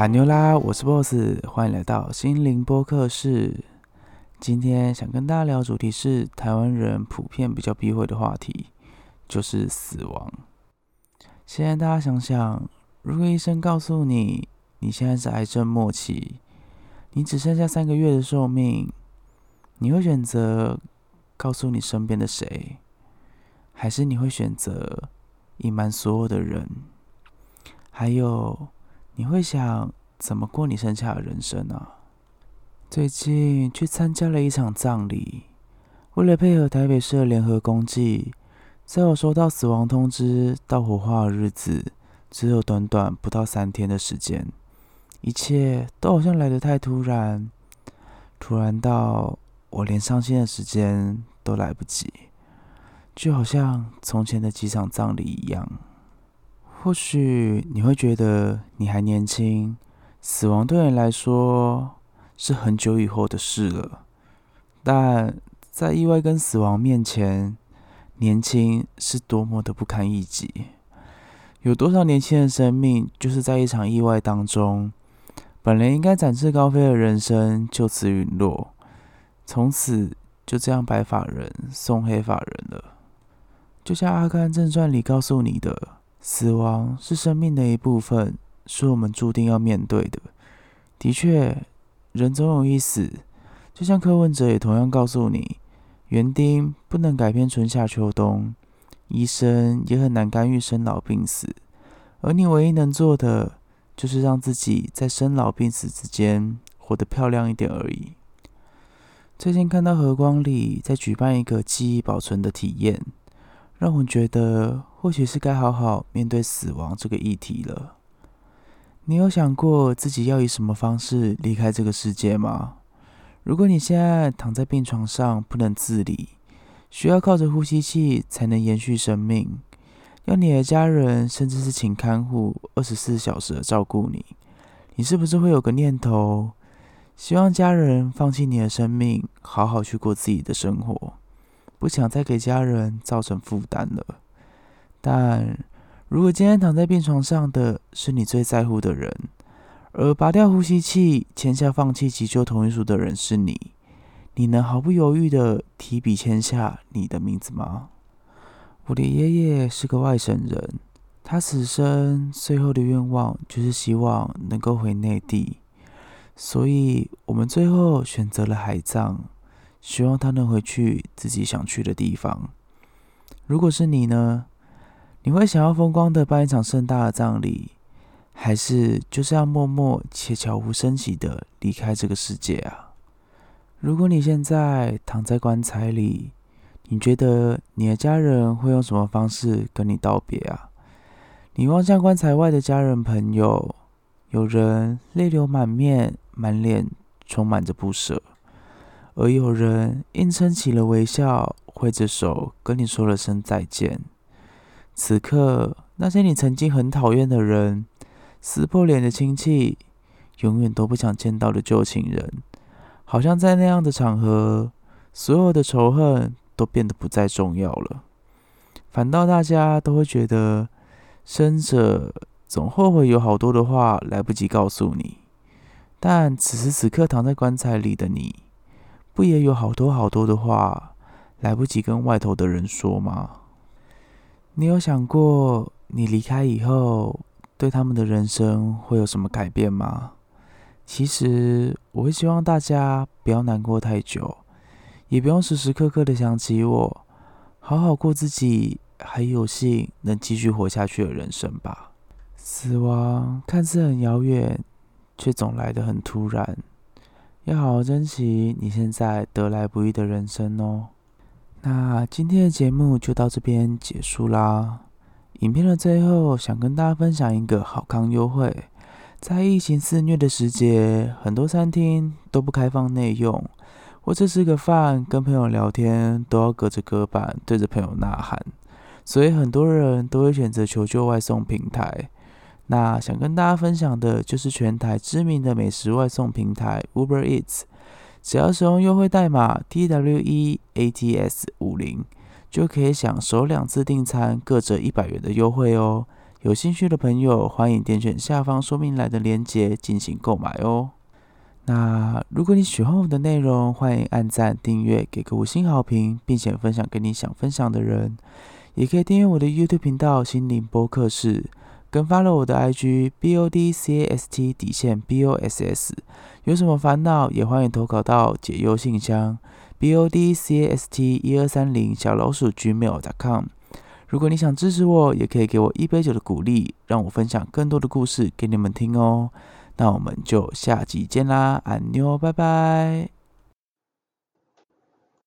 阿牛啦，我是 BOSS，歡迎來到心靈播客室。今天想跟大家聊主題是台灣人普遍比較避諱的話題，就是死亡。現在大家想想，如果醫生告訴你，你現在是癌症末期，你只剩下三個月的壽命，你會選擇告訴你身邊的誰，還是你會選擇隱瞞所有的人？還有，你會想，怎麼過你剩下的人生啊？最近去參加了一場葬禮，為了配合台北市聯合公祭，在我收到死亡通知到火化的日子，只有短短不到三天的時間。一切都好像來得太突然，突然到我連傷心的時間都來不及，就好像從前的幾場葬禮一樣。或許你會覺得你還年輕。死亡對你來說是很久以後的事了，但在意外跟死亡面前，年輕是多麼的不堪一擊。有多少年輕的生命就是在一場意外當中，本來應該展翅高飛的人生就此隕落，從此就這樣白髮人送黑髮人了。就像《阿甘正傳》裡告訴你的，死亡是生命的一部分。是我們注定要面對的。的確，人總有一死。就像柯文哲也同樣告訴你，園丁不能改變春夏秋冬，醫生也很難干預生老病死。而你唯一能做的，就是讓自己在生老病死之間活得漂亮一點而已。最近看到和光里在舉辦一個記憶保存的體驗，讓我們覺得，或許是該好好面對死亡這個議題了。你有想過自己要以什麼方式離開這個世界嗎？如果你現在躺在病床上不能自理，需要靠着呼吸器才能延續生命，要你的家人甚至是請看護24小時的照顧你，你是不是會有個念頭，希望家人放棄你的生命，好好去過自己的生活，不想再給家人造成負擔了？但……如果今天躺在病床上的是你最在乎的人，而拔掉呼吸器、簽下放棄急救同意書的人是你，你能毫不猶豫地提筆簽下你的名字嗎？我的爺爺是個外省人，他此生最後的願望就是希望能夠回內地，所以我們最後選擇了海葬，希望他能回去自己想去的地方。如果是你呢？你會想要風光的辦一場盛大的葬禮，還是就是要默默且悄無聲息的離開這個世界啊？如果你現在躺在棺材裡，你覺得你的家人會用什麼方式跟你道別啊？你望向棺材外的家人朋友，有人淚流滿面，滿臉充滿着不捨，而有人硬撐起了微笑，揮着手跟你說了聲再見。此刻，那些你曾經很討厭的人，撕破臉的親戚，永遠都不想見到的舊情人，好像在那樣的場合，所有的仇恨都變得不再重要了。反倒大家都會覺得，生者總後悔有好多的話來不及告訴你。但此時此刻躺在棺材裡的你，不也有好多好多的話來不及跟外頭的人說嗎？你有想過，你離開以後，對他們的人生會有什麼改變嗎？其實，我會希望大家不要難過太久，也不用時時刻刻的想起我，好好過自己，還有幸能繼續活下去的人生吧。死亡看似很遙遠，卻總來得很突然，要好好珍惜你現在得來不易的人生哦。那今天的節目就到這邊結束啦。影片的最後，想跟大家分享一個好康優惠。在疫情肆虐的時節，很多餐廳都不開放內用，或者吃個飯、跟朋友聊天都要隔着隔板對着朋友吶喊，所以很多人都會選擇求救外送平台。那想跟大家分享的，就是全台知名的美食外送平台 Uber Eats。只要使用優惠代碼 TWEATS 五零，就可以享受兩次訂餐各折一百元的優惠哦。有興趣的朋友，歡迎點選下方說明欄的鏈接進行購買哦。那如果你喜歡我的內容，歡迎按讚、訂閱，給個五星好評，並且分享給你想分享的人。也可以訂閱我的 YouTube 頻道心靈播客室，跟 follow 我的 IG BODCAST 底線 B O S S。有什麼煩惱，也歡迎投稿到解憂信箱 b o d c a s t 一二三零小老鼠 gmail dot com。如果你想支持我，也可以給我一杯酒的鼓勵，讓我分享更多的故事給你們聽哦。那我們就下集見啦，安妞，拜拜。